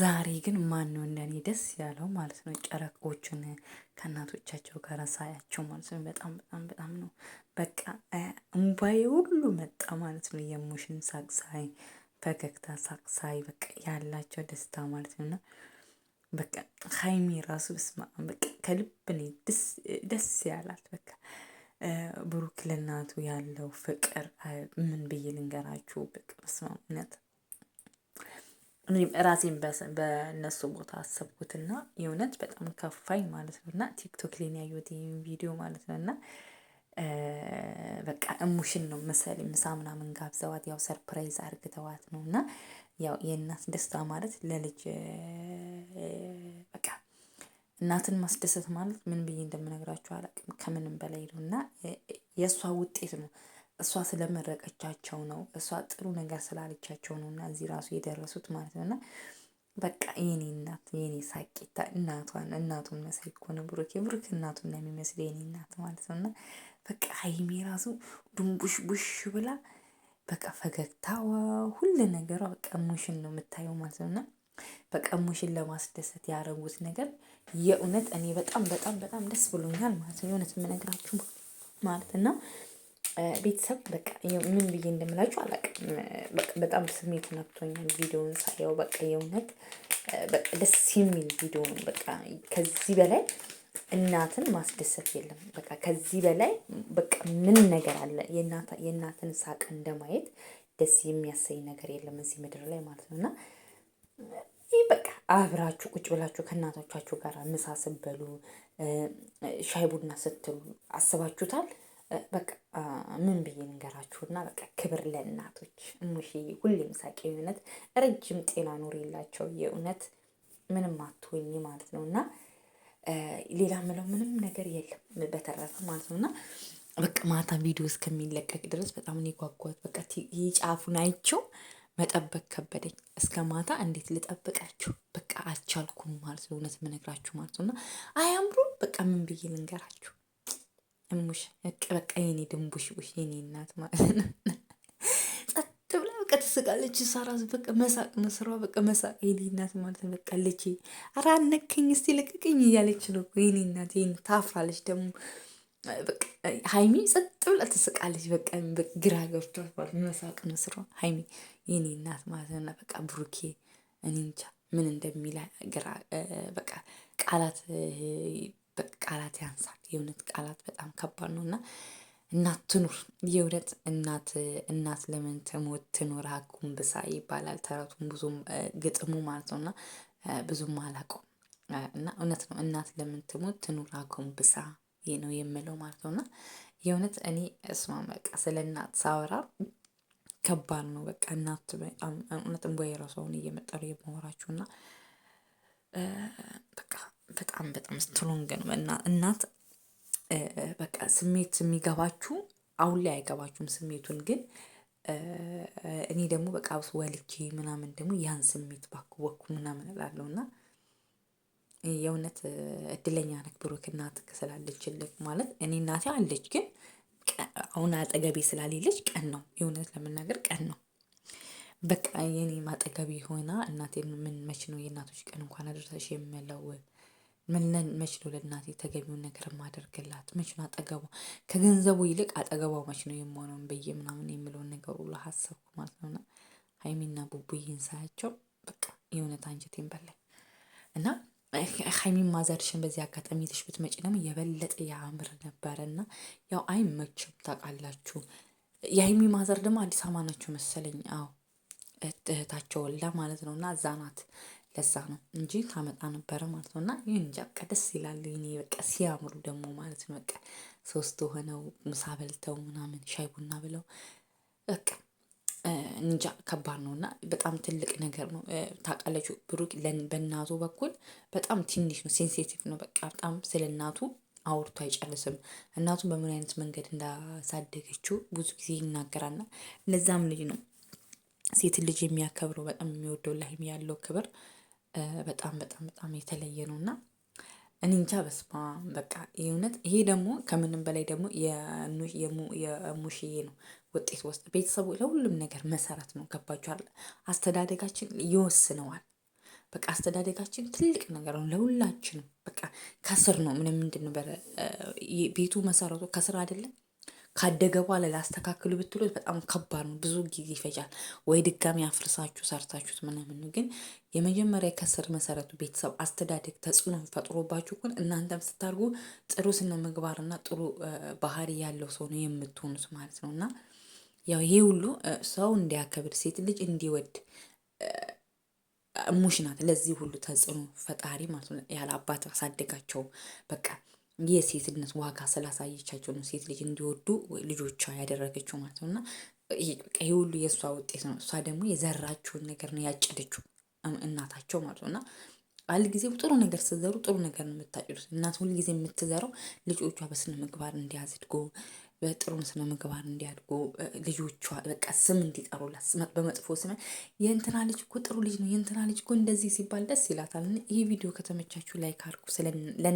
ዛሬ ግን ማን ነው እንደኔ ደስ ያለው ማለት ነው። ጨረቆቹን ከእናቶቻቸው ጋር ሳያቸው ማለት ነው። በጣም በጣም በጣም ነው በቃ እምባዬ ሁሉ መጣ ማለት ነው። የሙሽን ሳቅሳይ ፈገግታ ሳቅሳይ በቃ ያላቸው ደስታ ማለት ነው። እና በቃ ሀይሚ ራሱ ስማ በቃ ከልብ ነው ደስ ያላት በቃ ብሩክ ለእናቱ ያለው ፍቅር ምን ብዬ ልንገራችሁ በቃ በስማ እውነት እኔም ራሴን በእነሱ ቦታ አሰብኩትና የእውነት በጣም ከፋኝ ማለት ነው። እና ቲክቶክ ላይ ያየሁት ቪዲዮ ማለት ነው። እና በቃ እሙሽን ነው መሰለኝ ምሳ ምናምን ጋብዘዋት ያው ሰርፕራይዝ አርግተዋት ነው። እና ያው የእናት ደስታ ማለት ለልጅ በቃ እናትን ማስደሰት ማለት ምን ብዬ እንደምነግራችሁ አላውቅም። ከምንም በላይ ነው እና የእሷ ውጤት ነው። እሷ ስለመረቀቻቸው ነው። እሷ ጥሩ ነገር ስላለቻቸው ነው እና እዚህ ራሱ የደረሱት ማለት ነው። እና በቃ የኔ እናት የኔ ሳቂታ እናቷን እናቱን መሳይ እኮ ነው ብሩክ የብሩክ እናቱን ነው የሚመስል የኔ እናት ማለት ነው። እና በቃ ሀይሜ ራሱ ዱንቡሽ ቡሽ ብላ በቃ ፈገግታዋ ሁሉ ነገሯ በቃ ሙሽን ነው የምታየው ማለት ነው እና በቃ ሙሽን ለማስደሰት ያደረጉት ነገር የእውነት እኔ በጣም በጣም በጣም ደስ ብሎኛል ማለት ነው። የእውነት የምነግራችሁ ማለት ነው። ቤተሰብ በቃ ምን ብዬ እንደምላችሁ አላውቅም። በጣም ስሜት ነብቶኛል ቪዲዮውን ሳየው። በቃ የእውነት በቃ ደስ የሚል ቪዲዮ ነው። በቃ ከዚህ በላይ እናትን ማስደሰት የለም። በቃ ከዚህ በላይ በቃ ምን ነገር አለ? የእናትን ሳቅ እንደማየት ደስ የሚያሰኝ ነገር የለም እዚህ ምድር ላይ ማለት ነው እና ይህ በቃ አብራችሁ ቁጭ ብላችሁ ከእናቶቻችሁ ጋር ምሳ ስትበሉ ሻይ ቡና ስትሉ አስባችሁታል? በቃ ምን ብዬ ንገራችሁና፣ በቃ ክብር ለእናቶች እሙሽዬ፣ ሁሌም ሳቂ። እውነት ረጅም ጤና ኑር የላቸው የእውነት ምንም አትሆኝ ማለት ነው እና ሌላ ምለው ምንም ነገር የለም በተረፈ ማለት ነው እና በቃ ማታ ቪዲዮ እስከሚለቀቅ ድረስ በጣም እኔ ጓጓት። በቃ የጫፉን አይቸው መጠበቅ ከበደኝ። እስከ ማታ እንዴት ልጠብቃችሁ? በቃ አልቻልኩም ማለት ነው እውነት ምነግራችሁ ማለት ነው እና አያምሩም። በቃ ምን ብዬ ልንገራችሁ እሙሽ በቃ የኔ ድንቡሽ ድንቡሽቡሽ የኔ እናት ማለት ነው። ጸጥ ብላ በቃ ትስቃለች። ሳራስ በቃ መሳቅ ነው ስራዋ፣ በቃ መሳቅ የኔ እናት ማለት ነው። በቃ ልጄ ኧረ አነከኝ እስቲ ልቅቅኝ እያለች ነው የኔ እናት። ይሄን ታፍራለች ደግሞ ሀይሚ ጸጥ ብላ ትስቃለች። በቃ ግራ ገብቷት ማለት መሳቅ ነው ስራዋ። ሀይሚ የኔ እናት ማለት ነው። በቃ ብሩኬ እኔ እንጃ ምን እንደሚላ ግራ በቃ ቃላት ቃላት ያንሳል። የእውነት ቃላት በጣም ከባድ ነው እና እናት ትኑር የእውነት እናት እናት ለምን ትሞት ትኑር አጎንብሳ ይባላል ተረቱም ብዙም ግጥሙ ማለት ነው እና ብዙም አላውቀውም እና እውነት ነው እናት ለምን ትሞት ትኑር አጎንብሳ ነው የምለው ማለት ነው እና የእውነት እኔ እስማ በቃ ስለ እናት ሳወራ ከባድ ነው በቃ እናት በጣም እውነት እንቦ የራሷውን እየመጠሩ የማወራችሁ እና በቃ በጣም በጣም ስትሮንግ ነው እናት። በቃ ስሜት የሚገባችሁ አሁን ላይ አይገባችሁም ስሜቱን ግን እኔ ደግሞ በቃ ወልኬ ምናምን ደግሞ ያን ስሜት ባክወኩ ምናምን እላለሁ እና የእውነት እድለኛ ነህ ብሩክ እናትህ ስላለችልህ። ማለት እኔ እናቴ አለች ግን አሁን አጠገቤ ስላሌለች ቀን ነው የእውነት ለመናገር ቀን ነው በቃ የኔ ማጠገቤ ሆና እናቴ ምን መች ነው የእናቶች ቀን እንኳን አደረሰሽ የምለው ምንን መች ነው ለእናቴ ተገቢውን ነገር ማደርግላት? መች ነው አጠገቧ ከገንዘቡ ይልቅ አጠገቧ መች ነው የመሆነውን ብዬ ምናምን የምለውን ነገር ሁሉ ሀሰብኩ ማለት ነውና ሀይሚና ቡቡይን ሳያቸው በቃ የእውነት አንጀቴን በላኝ እና ሀይሚን ማዘርሽን በዚህ አጋጣሚ ይዘሽ ብትመጪ ደግሞ የበለጠ ያምር ነበረ እና ያው አይመችም ታውቃላችሁ። የሀይሚ ማዘር ደግሞ አዲስ አበባ ናቸው መሰለኝ። አዎ እህታቸው ወልዳ ማለት ነው እና እዛ ናት ለዛ ነው እንጂ ታመጣ ነበረ ማለት ነው። እና ይህን እንጃ በቃ ደስ ይላል። ይኔ በቃ ሲያምሩ ደግሞ ማለት ነው በቃ ሶስት ሆነው ምሳ በልተው ምናምን ሻይ ቡና ብለው በቃ እንጃ ከባድ ነው እና በጣም ትልቅ ነገር ነው። ታውቃለች ብሩክ በእናቱ በኩል በጣም ትንሽ ነው፣ ሴንሴቲቭ ነው። በቃ በጣም ስለ እናቱ አውርቶ አይጨርስም። እናቱ በምን አይነት መንገድ እንዳሳደገችው ብዙ ጊዜ ይናገራልና ለዛም ልጅ ነው ሴት ልጅ የሚያከብረው በጣም የሚወደው ላይም ያለው ክብር በጣም በጣም በጣም የተለየ ነው እና እንጃ በስማ በቃ ይህ ይሄ ደግሞ ከምንም በላይ ደግሞ የሙሽዬ ነው ውጤት ውስጥ ቤተሰቡ ለሁሉም ነገር መሰረት ነው። ገባችኋል? አስተዳደጋችን ይወስነዋል። በቃ አስተዳደጋችን ትልቅ ነገር ነው ለሁላችንም። በቃ ከስር ነው ምንም ምንድን ነው ቤቱ መሰረቱ ከስር አይደለም። ካደገ በኋላ ላስተካክሉ ብትሉት በጣም ከባድ ነው፣ ብዙ ጊዜ ይፈጃል። ወይ ድጋሚ አፍርሳችሁ ሰርታችሁት ምናምን ግን የመጀመሪያ ከስር መሰረቱ ቤተሰብ አስተዳደግ ተጽዕኖ ፈጥሮባችሁ እኮ እናንተም ስታርጉ ጥሩ ስነ ምግባርና ጥሩ ባህሪ ያለው ሰው ነው የምትሆኑት ማለት ነው። እና ያው ይህ ሁሉ ሰው እንዲያከብር ሴት ልጅ እንዲወድ ሙሽ ናት። ለዚህ ሁሉ ተጽዕኖ ፈጣሪ ማለት ነው። ያለ አባት አሳደጋቸው በቃ የሴትነት ዋጋ ስላሳየቻቸው ነው ሴት ልጅ እንዲወዱ ልጆቿ ያደረገችው ማለት ነው። እና ይሄ ሁሉ የእሷ ውጤት ነው። እሷ ደግሞ የዘራችውን ነገር ነው ያጨደችው እናታቸው ማለት ነው። እና ጊዜም ጥሩ ነገር ስትዘሩ ጥሩ ነገር ነው የምታጭዱት። እናት ሁልጊዜ የምትዘራው ልጆቿ በስነ ምግባር እንዲያዝድጎ በጥሩ ስነ ምግባር እንዲያድጉ ልጆቿ በቃ ስም እንዲጠሩላት በመጥፎ ስም የእንትና ልጅ እኮ ጥሩ ልጅ ነው የእንትና ልጅ እኮ እንደዚህ ሲባል ደስ ይላታል። ይህ ቪዲዮ ከተመቻችሁ ላይክ አድርጉ።